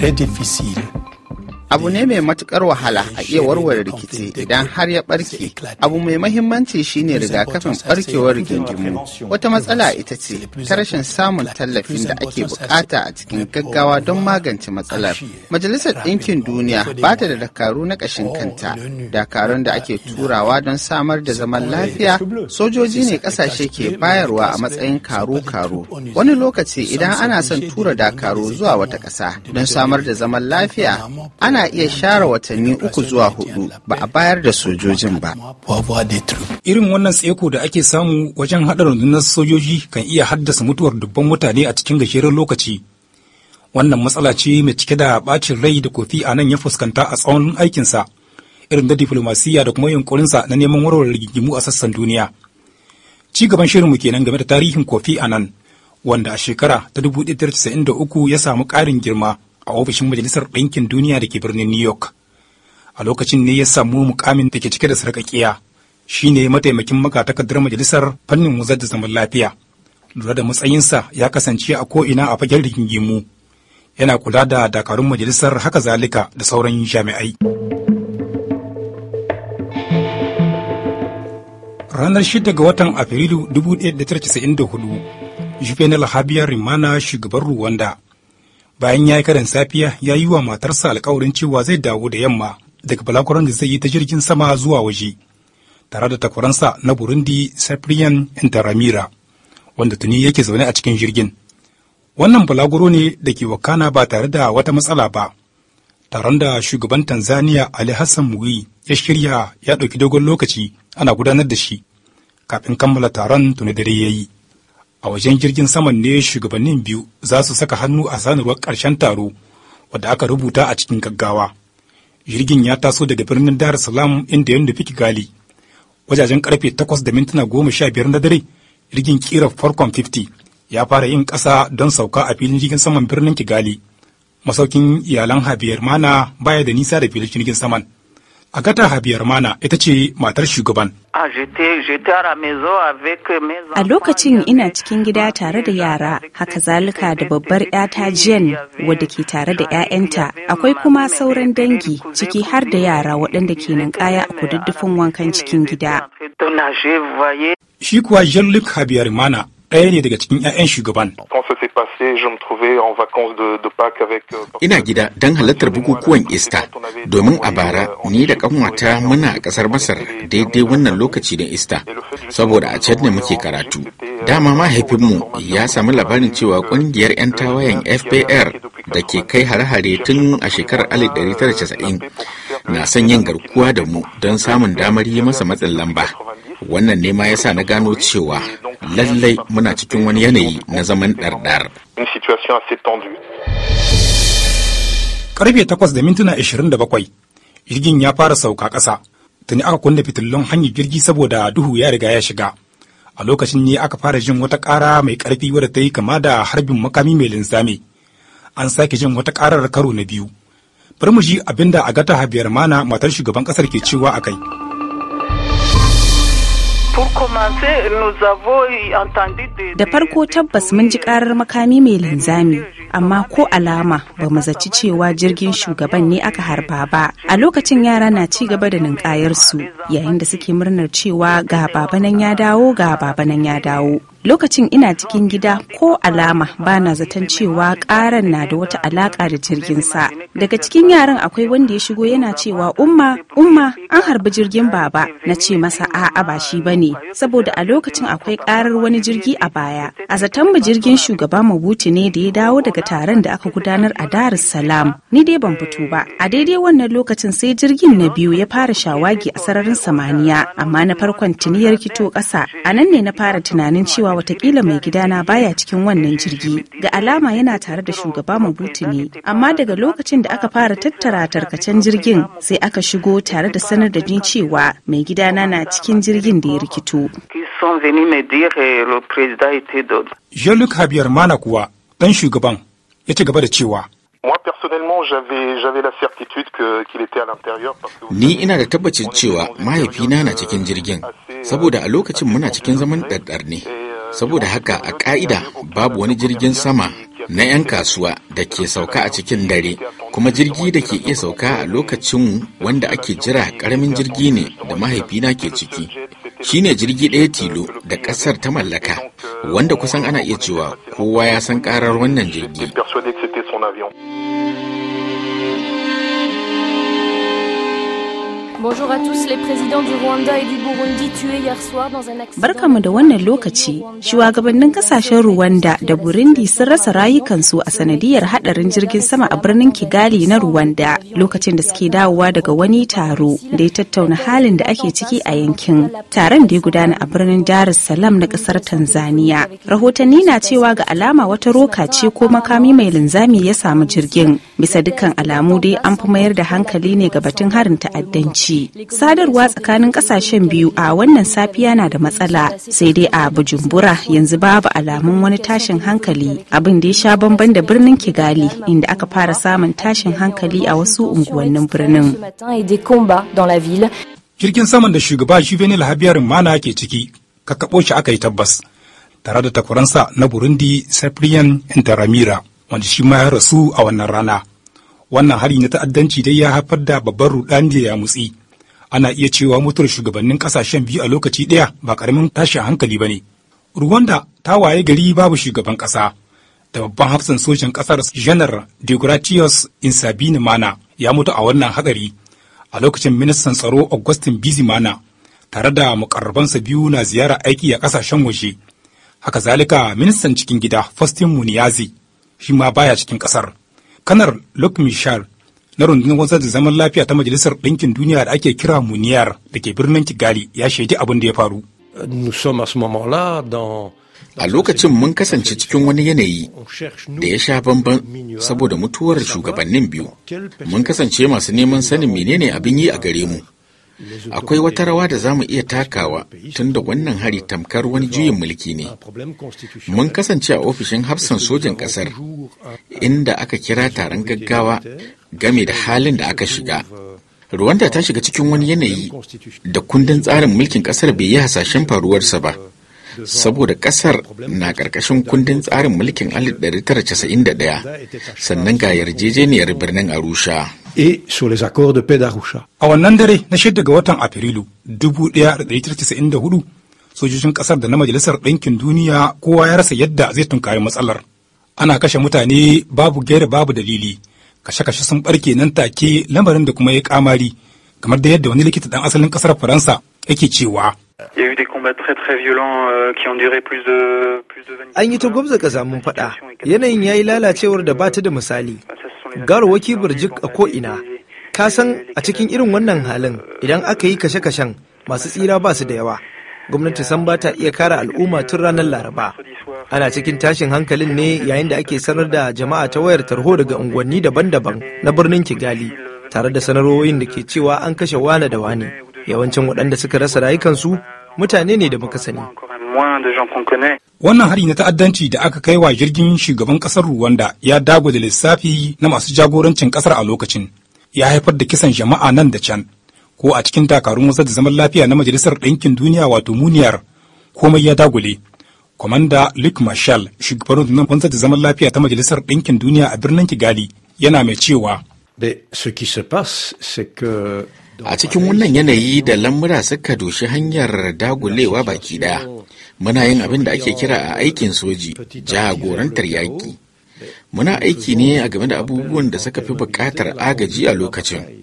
très é difficile. abu ne mai matukar wahala a iya warware rikici idan har ya barke abu mai mahimmanci shine rigakafin barkewar rigingimu wata matsala ita ce ta rashin samun tallafin da ake bukata a cikin gaggawa don magance matsalar majalisar ɗinkin duniya ba ta da dakaru na ƙashin kanta dakarun da ake turawa don samar da zaman lafiya sojoji ne ƙasashe ke bayarwa a matsayin karo-karo wani lokaci idan ana son tura dakaru zuwa wata ƙasa don samar da zaman lafiya ana ana iya share watanni uku zuwa hudu ba a bayar da sojojin ba. Irin wannan tseko da ake samu wajen haɗa rundunar sojoji kan iya haddasa mutuwar dubban mutane a cikin gajeren lokaci. Wannan matsala ce mai cike da ɓacin rai da kofi a nan ya fuskanta a tsawon aikinsa, irin da diflomasiyya da kuma yunkurinsa na neman warware rigimu a sassan duniya. Ci gaban shirin shirinmu kenan game da tarihin kofi a nan, wanda a shekara ta 1993 ya samu ƙarin girma a ofishin Majalisar Ɗinkin Duniya da ke birnin New York. A lokacin ne ya samu mukamin da ke cike da sarƙaƙiya ne mataimakin magatakardar majalisar fannin wuzar da zaman lafiya. Lura da matsayinsa ya kasance a ko'ina a fagen gimu. Yana kula da dakarun majalisar haka zalika da sauran jami'ai. Ranar 6 ga watan Afrilu 1994, Juvenal Habiyar Rimana shugaban Ruwanda bayan ya yi karin safiya ya yi wa matarsa alkawarin cewa zai dawo da yamma daga balakuran da zai yi ta jirgin sama zuwa waje tare da takwaransa na burundi cyprian interamira wanda tuni yake zaune a cikin jirgin wannan balaguro ne da ke wakana ba tare da wata matsala ba taron da shugaban tanzania ali hassan muyi ya shirya ya ɗauki dogon lokaci ana gudanar da shi kafin kammala taron tuni dare ya yi a wajen jirgin saman ne shugabannin biyu za su saka hannu a sanarwar ƙarshen taro wadda aka rubuta a cikin gaggawa jirgin ya taso daga birnin dar salam inda ya nufi kigali wajajen karfe takwas da mintuna goma sha biyar na dare jirgin kira farkon 50 ya fara yin ƙasa don sauka a filin jirgin saman birnin kigali masaukin iyalan habiyar mana baya da nisa da filin jirgin saman Agata Habiyar Mana ita ce matar shugaban. Ah, a lokacin ina cikin gida tare da yara, haka zalika da babbar 'yata Jen wadda ke tare da 'ya'yanta, akwai kuma sauran dangi ciki har da yara waɗanda ke ninkaya a kududdufin wankan cikin gida. Shi kuwa Jean-Luc Habiyar Mana ɗaya ne daga cikin 'ya'yan shugaban. Euh, Ina gida don halartar bukukuwan Ista domin a bara euh, ni da ƙanwata muna a ƙasar Masar daidai wannan lokaci da Ista saboda a can ne muke karatu. Euh, Dama mahaifinmu ya sami labarin cewa ƙungiyar 'yan tawayen FBR da ke kai hare-hare tun a shekarar 1990 na son yin garkuwa da mu don samun damar yi masa matsin lamba. wannan nema ma yasa na gano cewa lallai muna cikin wani yanayi na zaman ɗarɗar. Karfe takwas da mintuna ashirin da bakwai, jirgin ya fara sauka ƙasa, tuni aka kunna fitilun hanyar jirgi saboda duhu ya riga ya shiga. A lokacin ne aka fara jin wata ƙara mai ƙarfi wadda ta yi kama da harbin makami mai linzami. An sake jin wata ƙarar karo na biyu. Bari mu ji abinda Agata Habiyar Mana matar shugaban ƙasar ke cewa a kai. Da farko tabbas mun ji karar makami mai linzami, amma ko alama ba mu zaci cewa jirgin shugaban ne aka harba ba. A lokacin yara na ci gaba da ninkayarsu yayin da suke murnar cewa ga babanan ya dawo ga babanan ya dawo. lokacin ina cikin gida ko alama bana zaton cewa karan na da wata alaka da jirgin sa daga cikin yaran akwai wanda ya shigo yana cewa umma umma an harbi jirgin baba na ce masa a'a ba shi bane saboda a lokacin akwai karar wani jirgi a baya a zaton mu jirgin shugaba mabuti ne da ya dawo daga taron da aka gudanar a dar es ni dai ban fito ba a daidai wannan lokacin sai jirgin na biyu ya fara shawagi a sararin samaniya amma na farkon tuni kito rikito ƙasa a ne na fara tunanin cewa cewa watakila mai gidana baya cikin wannan jirgi ga alama yana tare da shugaba mabutu ne amma daga lokacin da aka fara tattara tarkacen jirgin sai aka shigo tare da sanar da ni cewa mai gidana na cikin jirgin da ya rikito eh, Jean-Luc Habiyar Mana kuwa dan shugaban ya ci gaba da cewa Ni ina da tabbacin cewa mahaifina na cikin jirgin saboda a lokacin muna cikin zaman daddar ne saboda haka a ƙa'ida babu wani jirgin sama na 'yan kasuwa da ke sauka a cikin dare kuma jirgi da ke iya sauka a lokacin wanda ake jira ƙaramin jirgi ne da mahaifina ke ciki shine jirgi ɗaya tilo da ƙasar ta mallaka wanda kusan ana iya cewa kowa ya san ƙarar wannan jirgi Bonjour à tous les présidents du Rwanda et du Burundi tués hier soir dans un accident. Barkamu da wannan lokaci, shugabannin kasashen Rwanda da Burundi sun rasa rayukansu a sanadiyar hadarin jirgin sama a birnin Kigali na Rwanda lokacin da suke dawowa daga wani taro da ya tattauna halin da ake ciki a yankin. Taron da ya gudana a birnin Dar es Salaam na kasar Tanzania. Rahotanni na cewa ga alama wata roka ce ko makami mai linzami ya samu jirgin. Bisa dukkan alamu dai an fi mayar da hankali ne ga batun harin ta'addanci. ce sadarwa tsakanin kasashen biyu a wannan safiya na da matsala sai dai a bujumbura yanzu babu alamun wani tashin hankali abin da ya sha bamban da birnin kigali inda aka fara samun tashin hankali a wasu unguwannin birnin jirgin saman da shugaba juvenil habiyar mana ke ciki ka kaɓo shi aka yi tabbas tare da takwaransa na burundi cyprian interamira wanda shi ma ya rasu a wannan rana wannan hari na ta'addanci dai ya haifar da babban rudani da ya mutsi ana iya cewa mutuwar shugabannin kasashen biyu a lokaci ɗaya ba ƙaramin tashin hankali ba ne. Rwanda ta waye gari babu shugaban ƙasa da babban hafsan sojan ƙasar janar Degratius Insabini Mana ya mutu a wannan hatsari a lokacin ministan tsaro Augustin mana tare da muƙarrabansa biyu na ziyara aiki a ƙasashen waje. Haka zalika ministan cikin gida Faustin Muniyazi shi ma baya cikin ƙasar. Kanar Luke Michel na rundunar wanzar da zaman lafiya ta majalisar ɗinkin duniya da ake kira muniyar da ke birnin kigali ya shaidi abin da ya faru a lokacin mun kasance cikin wani yanayi da ya sha bamban saboda mutuwar shugabannin biyu mun kasance masu neman sanin menene abin yi a gare mu akwai wata rawa da za mu iya takawa tun da wannan hari tamkar wani juyin mulki ne mun kasance a ofishin hafsan sojan ƙasar inda aka kira taron gaggawa game da halin da aka shiga Rwanda ta shiga cikin wani yanayi da kundin tsarin mulkin kasar bai yi hasashen faruwarsa ba, saboda kasar na ƙarƙashin kundin tsarin mulkin 1991 sannan ga yarjejeniyar birnin Arusha. E A wannan dare na shida ga watan Afrilu 1994 sojojin kasar da na Majalisar Ɗinkin Duniya kowa ya rasa yadda zai tunkari matsalar. Ana kashe mutane babu gaira babu dalili. kashe-kashe sun barke nan take lamarin da kuma ya kamari kamar da yadda wani likita dan asalin kasar Faransa yake cewa euh, An yi ta gwamza ƙazamin faɗa, yanayin ya yi lalacewar da bata da misali. Ah, Garwaki birjik a ko'ina, ka san a cikin irin wannan halin idan aka yi kashe-kashen masu tsira ba su da yawa. gwamnati san ba ta iya kare al'umma tun ranar laraba ana cikin tashin hankalin ne yayin da ake sanar da jama'a ta wayar tarho daga unguwanni daban-daban na birnin kigali tare da sanarwoyin da ke cewa an kashe wane da wane yawancin waɗanda suka rasa rayukansu mutane ne da muka sani wannan hari na ta'addanci da aka kai wa jirgin shugaban ƙasar ruwanda ya dago da lissafi na masu jagorancin kasar a lokacin ya haifar da kisan jama'a nan da can ko a cikin takarun wasa da zaman lafiya na majalisar ɗinkin duniya wato muniyar komai ya dagule kwamanda luke marshall shugaban rundunar wanzar da zaman lafiya ta majalisar ɗinkin duniya a birnin kigali yana mai cewa a cikin wannan yanayi da lamura suka doshi hanyar dagulewa baki daya muna yin abin da ake kira a aikin soji jagorantar yaƙi muna aiki ne a game da abubuwan da suka fi buƙatar agaji a lokacin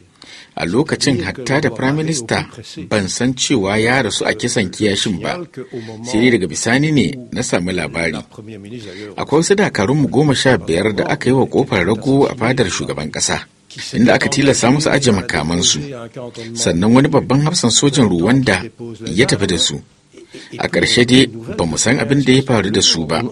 a lokacin hatta da firaminista ban san cewa ya rasu a kisan kiyashin ba sai daga bisani ne na sami labari akwai wasu dakarun mu goma sha biyar da aka yi wa kofar rago a fadar shugaban ƙasa inda aka tilasta musu ajiye makamansu sannan wani babban hafsan sojan ruwanda ya tafi da su a ƙarshe dai ba mu san abin da ya faru da su ba.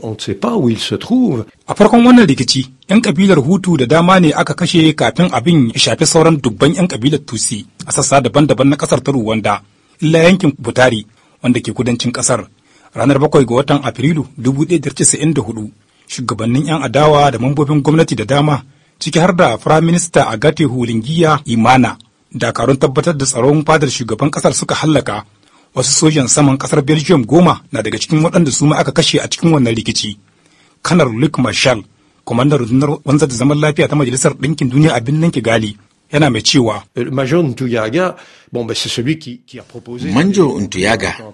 A farkon wannan rikici, 'yan kabilar Hutu da dama ne aka kashe kafin abin ya shafi sauran dubban 'yan kabilar Tusi a sassa daban-daban na ƙasar ta Ruwanda, illa yankin Butari wanda ke kudancin ƙasar. Ranar bakwai ga watan Afrilu 1994, shugabannin 'yan adawa da mambobin gwamnati da dama ciki har da Firaminista Agate Hulingiya Imana dakarun tabbatar da tsaron fadar shugaban ƙasar suka hallaka wasu sojan saman kasar belgium goma na daga cikin waɗanda su ma aka kashe a cikin wannan rikici kanar luc marshal kwamandan rundunar wanzar da zaman lafiya ta majalisar ɗinkin duniya a birnin kigali yana mai cewa euh, manjo ntuyaga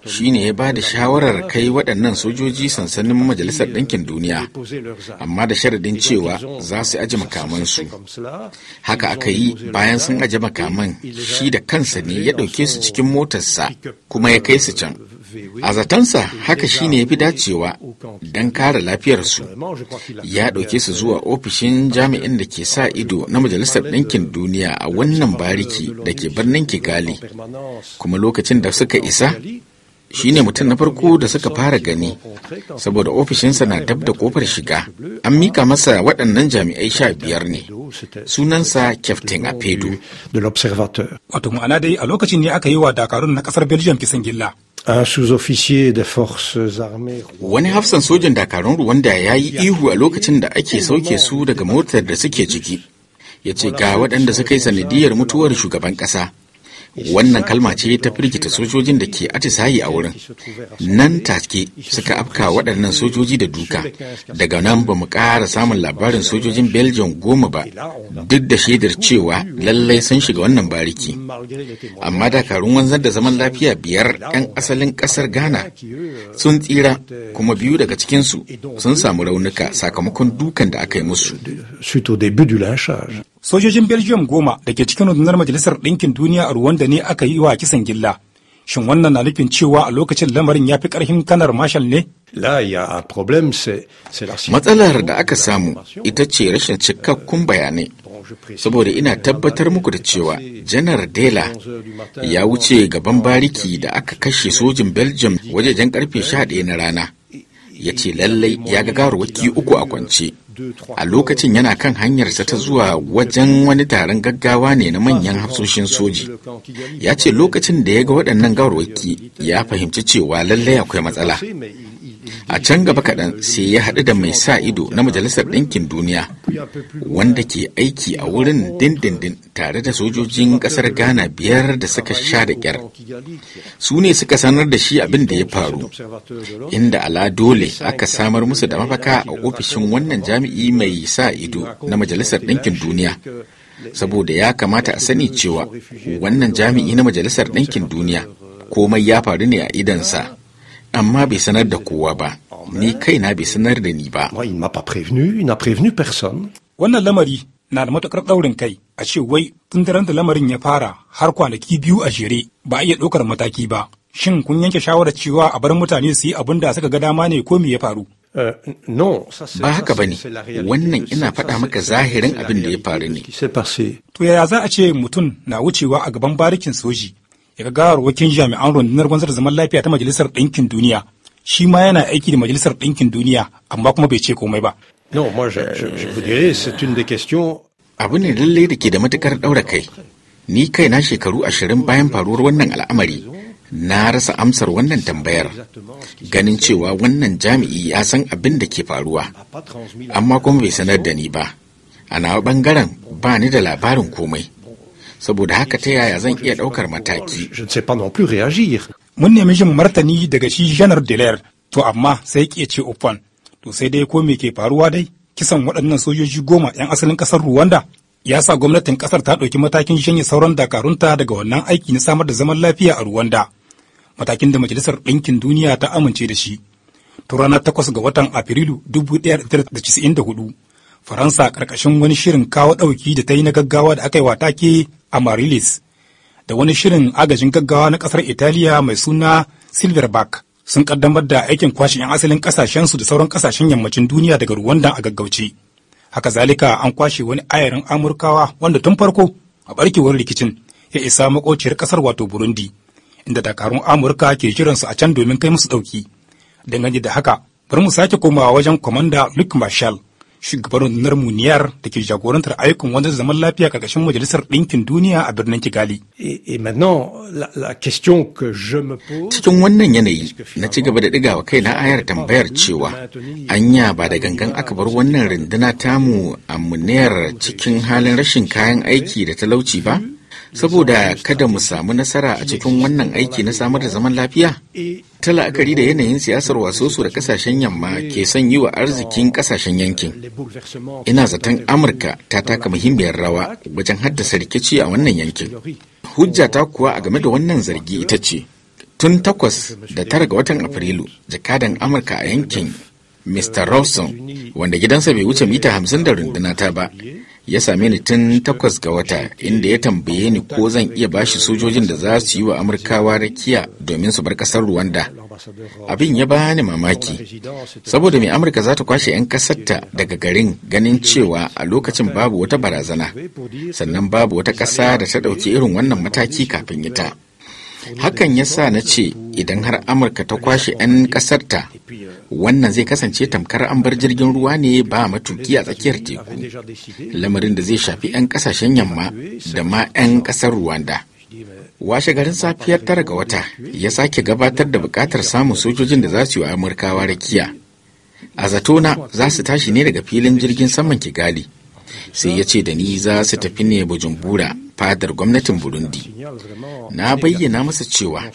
shi ne ya ba da shawarar kai waɗannan sojoji sansanin majalisar ɗinkin euh, duniya amma da sharadin cewa za su aji makamansu haka aka yi bayan sun aji makaman shi da kansa ne ya ɗauke su cikin motarsa kuma ya kai su can A zatansa haka shi ne ya fi dacewa don kare lafiyarsu. Ya ɗauke su zuwa ofishin jami'in da ke sa ido na Majalisar Ɗinkin Duniya a wannan bariki da ke birnin Kigali. Kuma lokacin da suka isa, shi ne mutum na farko da suka fara gani saboda ofishinsa na dab da kofar shiga an mika masa waɗannan jami'ai sha biyar ne sunansa kyaftin a fedu wato ma'ana dai a lokacin ne aka yi wa dakarun na ƙasar belgium kisan gilla Wani hafsan sojan dakarun Ruwanda ya yi ihu a lokacin da ake sauke su daga motar da suke jiki Ya ce ga waɗanda suka yi sanadiyar mutuwar shugaban ƙasa. wannan kalma ce ta firgita sojojin da ke atisayi a wurin nan take suka afka waɗannan sojoji da duka daga nan ba mu ƙara samun labarin sojojin belgium goma ba duk da shaidar cewa lallai sun shiga wannan bariki amma dakarun wanzar da zaman lafiya biyar 'yan asalin ƙasar ghana sun tsira kuma biyu daga cikinsu sun samu raunuka sakamakon dukan da aka yi musu Sojojin Belgium goma da ke cikin rundunar Majalisar Ɗinkin Duniya a Ruwanda ne aka yi wa kisan gilla. Shin wannan na nufin cewa a lokacin lamarin ya fi ƙarfin kanar Marshall ne? Matsalar da aka samu ita ce rashin cikakkun bayanai. Saboda ina tabbatar muku da cewa janar Dela ya wuce gaban bariki da aka kashe sojin Belgium wajejen karfe 11 na rana. Ya ce lallai ya ga waki uku a kwance a lokacin yana kan hanyarsa ta zuwa wajen wani taron gaggawa ne na manyan hafsoshin soji ya ce lokacin da ya ga waɗannan gawarwaki ya fahimci cewa lallai akwai matsala a can gaba kaɗan sai ya haɗu da mai sa ido na majalisar ɗinkin duniya wanda ke aiki a wurin dindindin tare da sojojin ƙasar ghana biyar da suka sha da ƙyar su ne suka sanar da shi abin da ya faru inda ala dole aka samar musu da mafaka a ofishin wannan jami'i mai sa ido na majalisar ɗinkin duniya saboda ya kamata a sani cewa wannan jami'i na majalisar ɗinkin duniya komai ya faru ne a idansa amma bai sanar da kowa ba ni kaina bai sanar da ni ba wannan lamari na da matuƙar ɗaurin kai a ce wai tun daren da lamarin ya fara har kwanaki biyu a jere ba a iya ɗaukar mataki ba shin kun yanke shawarar cewa a bar mutane su yi abin da suka ga dama ne ko me ya faru euh, ba haka ba ne wannan ina faɗa maka zahirin abin da ya faru ne to yaya za a ce mutum na wucewa a gaban barikin soji daga gawarwakin jami'an rundunar gwanzar zaman lafiya ta majalisar ɗinkin duniya shi ma yana aiki da majalisar ɗinkin duniya amma kuma bai ce komai ba. Non, moi Abu ne lallai da ke da matukar ɗaura kai. Ni kai na shekaru ashirin bayan faruwar wannan al'amari. Na rasa amsar wannan tambayar. Ganin cewa wannan jami'i ya san abin da ke faruwa. Amma kuma bai sanar da ni ba. A nawa bangaren ba ni da labarin komai. saboda haka ta yaya zan iya ɗaukar mataki. Mun nemi jin martani daga shi janar Delaire, to amma sai ke ce Ofan, to sai dai ko me ke faruwa dai? Kisan waɗannan sojoji goma 'yan asalin ƙasar Ruwanda ya sa gwamnatin ƙasar ta ɗauki matakin shanye sauran dakarunta daga wannan aiki na samar da zaman lafiya a Ruwanda. Matakin da Majalisar Ɗinkin Duniya ta amince da shi. To ranar takwas ga watan Afrilu hudu. Faransa ƙarƙashin wani shirin kawo ɗauki da ta yi na gaggawa da aka yi wa take Amarilis da wani shirin agajin gaggawa na kasar Italiya mai suna Silverback sun kaddamar da aikin kwashe 'yan asalin ƙasashensu da sauran kasashen yammacin duniya daga Rwanda a gaggauce. Haka zalika an kwashe wani ayarin Amurkawa wanda tun farko a ɓarkewar rikicin ya isa makociyar kasar wato Burundi, inda dakarun Amurka ke jiransu a can domin kai musu ɗauki. Dangane da haka, bari mu sake komawa wajen kwamanda Luke Marshall. shugaban rundunar muniyar da ke jagorantar ayyukan wanda zaman lafiya karkashin majalisar ɗinkin duniya a birnin kigali cikin wannan yanayi na ci gaba da ɗigawa kai na ayar tambayar cewa anya ba da gangan aka bar wannan runduna tamu a muniyar cikin halin rashin kayan aiki da talauci ba saboda kada mu samu nasara a cikin wannan aiki na samar da zaman lafiya ta la'akari da yanayin siyasar su da kasashen yamma ke son yi wa arzikin kasashen yankin ina zaton amurka ta taka muhimmiyar rawa wajen haddasa rikici a wannan yankin hujja ta kuwa a game da wannan zargi ita ce tun takwas da tara ga watan afrilu jakadan amurka a yankin mr rawson wanda gidansa bai wuce mita hamsin da rundunata ba ya same ni tun takwas ga wata inda ya tambaye ni ko zan iya bashi sojojin da za su yi wa amurkawa rakiya domin su bar kasar ruwanda abin ya bani mamaki saboda mai amurka za ta kwashe 'yan kasarta daga garin ganin cewa a lokacin babu wata barazana sannan babu wata ƙasa da ta ɗauki irin wannan mataki kafin ita hakan ya sa na ce idan har amurka ta kwashe 'yan ƙasarta wannan zai kasance tamkar an bar jirgin ruwa ne ba matuki a tsakiyar teku lamarin da zai shafi 'yan ƙasashen yamma da ma 'yan ƙasar rwanda washe garin safiyar tara ga wata ya sake gabatar da bukatar samun sojojin da za su yi wa amurkawa rakiya a zatona za su tashi ne daga filin jirgin saman kigali sai ya ce da ni za su tafi ne bujumbura fadar gwamnatin burundi na bayyana masa cewa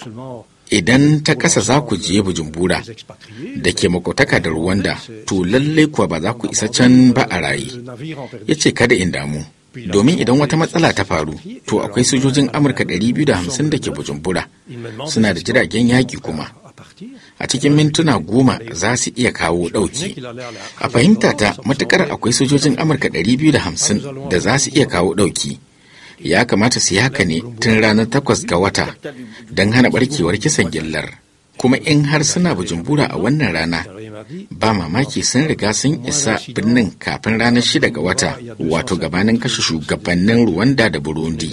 idan ta kasa za ku je bujumbura da ke makotaka da ruwanda to lalle kuwa ba za ku isa can ba a raye ya ce kada in damu domin idan wata matsala ta faru to akwai sojojin amurka 250 da ke bujumbura suna da jiragen yaƙi kuma a cikin mintuna goma za su iya kawo ɗauki a fahimta ta matukar akwai sojojin amurka 250 da za su iya kawo ɗauki ya kamata su yi haka ne tun ranar takwas ga wata don hana barkewar kisan gillar kuma in har suna bujumbura a wannan rana ba mamaki sun riga sun isa birnin kafin ranar shida ga wata wato gabanin kashe shugabannin ruwanda da burundi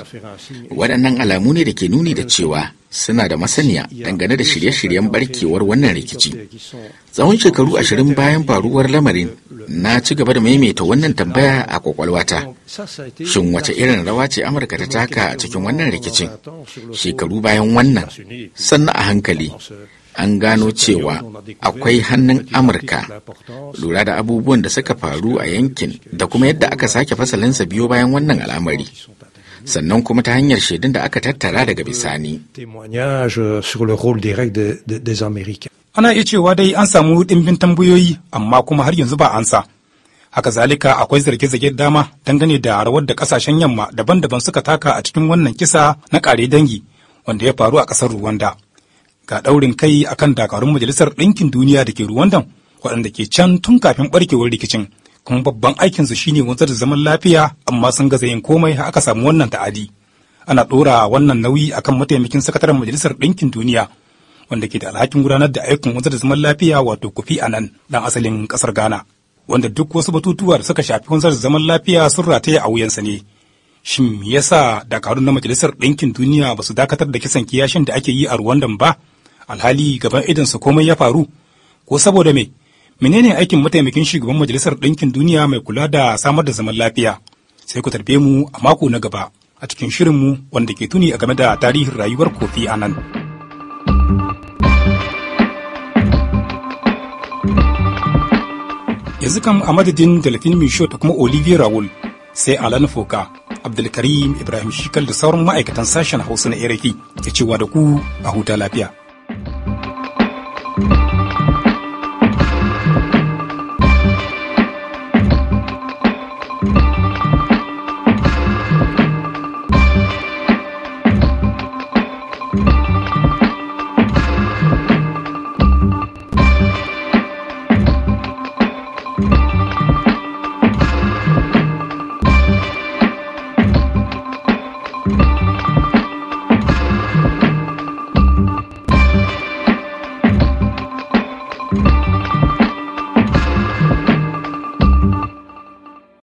waɗannan alamu ne da ke nuni da cewa suna da masaniya dangane da shirye-shiryen barkewar wannan rikici. Tsawon shekaru ashirin bayan faruwar lamarin na ci gaba da maimaita wannan tambaya a kwakwalwata. Shin wace irin rawa ce Amurka ta taka a cikin wannan rikicin? Shekaru bayan wannan, sannan a hankali. An gano cewa akwai hannun Amurka lura da abubuwan da suka faru a yankin da kuma yadda aka sake fasalinsa biyo bayan wannan al'amari. sannan kuma ta hanyar shaidun da aka tattara daga bisani. Euh, Ana iya cewa dai an samu ɗimbin tambayoyi amma kuma har yanzu ba ansa. Haka zalika akwai zarge-zarge dama dangane da rawar da kasashen yamma daban-daban suka taka a cikin wannan kisa na ƙare dangi wanda ya faru a ƙasar Ruwanda. Ga ɗaurin kai akan dakarun Majalisar Ɗinkin Duniya da ke Ruwandan waɗanda ke can tun kafin ɓarkewar rikicin. kuma babban aikinsu shine wanzar da zaman lafiya amma sun ga zayin komai har aka samu wannan ta'adi ana ɗora wannan nauyi akan mataimakin sakataren majalisar ɗinkin duniya wanda ke da alhakin gudanar da aikin wanzar da zaman lafiya wato kofi anan dan asalin ƙasar ghana wanda duk wasu batutuwa da suka shafi wanzar da zaman lafiya sun rataye a wuyansa ne shin me yasa dakarun na majalisar ɗinkin duniya ba su dakatar da kisan kiyashin da ake yi a ruwandan ba alhali gaban su komai ya faru ko saboda me menene aikin mataimakin shugaban majalisar ɗinkin duniya mai kula da samar da zaman lafiya sai ku tarbe mu a mako na gaba a cikin shirin mu wanda ke tuni a game da tarihin rayuwar kofi anan. yanzu kan a madadin delphine michaud da kuma olivier raoul sai alan foka abdulkarim ibrahim shikal da sauran ma'aikatan sashen hausa na iraki ya cewa da ku a huta lafiya